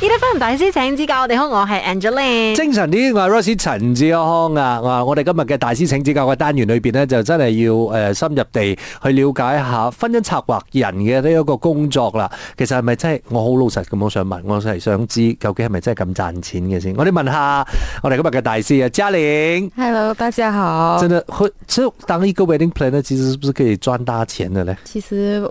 呢啲婚姻大師請指教，我哋好，我係 Angeline。精神啲，我係 Royce 陳志康啊！我哋今日嘅大師請指教嘅單元裏邊呢，就真係要誒深入地去了解一下婚姻策劃人嘅呢一個工作啦。其實係咪真係我好老實咁？我想問，我係想知究竟係咪真係咁賺錢嘅先？我哋問下我哋今日嘅大師啊，嘉玲。Hello，大家好。真係去即係等一個 wedding plan 咧，其實係唔係可以賺大錢嘅咧？其實。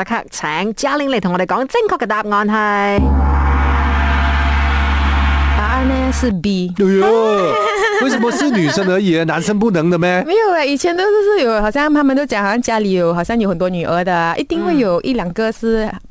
請嘉玲嚟同我哋講正確嘅答案係，答、啊、案呢是 B。 為什麼是女生而已，男生不能的咩？沒有啊，以前都是有，好像他們都講，好像家裏有，好像有很多女兒的，一定會有一兩個是。嗯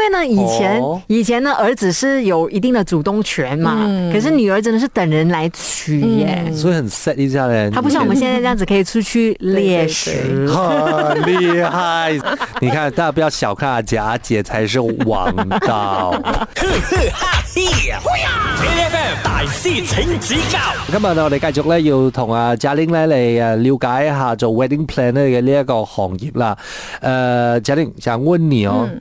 因為呢，以前以前呢，兒子是有一定的主動權嘛。嗯、可是女兒真的是等人來娶耶，所以很 set 一下咧。他不像我們現在這樣子可以出去獵食 啊，厲害。 你看，大家不要小看啊，賈姐，姐才是王道。大師請指教。今日我哋繼續呢，要同阿賈玲呢嚟啊來來了解一下做 wedding planner 嘅呢一個行業啦。誒、呃，賈玲，想問你哦。嗯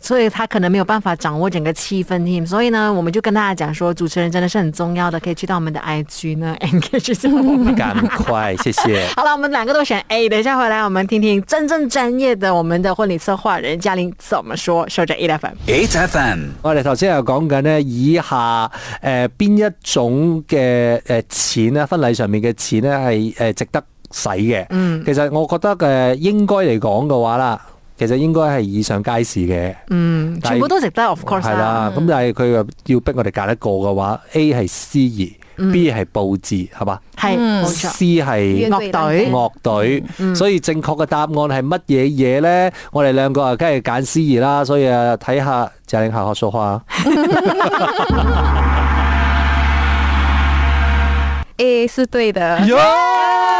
所以他可能沒有辦法掌握整個氣氛，所以呢，我們就跟大家講說，主持人真的是很重要的，可以去到我們的 IG 呢，engage 一下，趕快，謝謝。 好了，我們兩個都選 A，欸。等一下回來，我們聽聽真正專業的我們的婚禮策劃人嘉玲怎麼說。說這 E FM，E FM 我哋頭先又講緊呢以下誒邊、呃、一種嘅誒錢咧，婚禮上面嘅錢咧係誒值得使嘅。嗯，其實我覺得誒應該嚟講嘅話啦。其實應該係以上皆是嘅，嗯，全部都值得。Of course，係啦。咁、嗯、但係佢又要逼我哋揀一個嘅話、嗯、A 係司儀，B 係布置，係、嗯、嘛？係，冇、嗯、錯。C 係樂隊，樂隊、嗯。所以正確嘅答案係乜嘢嘢咧？我哋兩個啊，梗係揀司儀啦。所以啊，睇下鄭寧下學數學。 A 是對的。Yeah!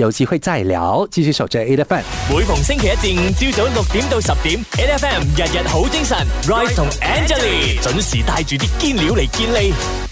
有機會再聊，繼續守着 A f m 每逢星期一至五朝早六點到十點 a F M 日日好精神。Royce 同 Angeline 準時帶住啲堅料嚟見你。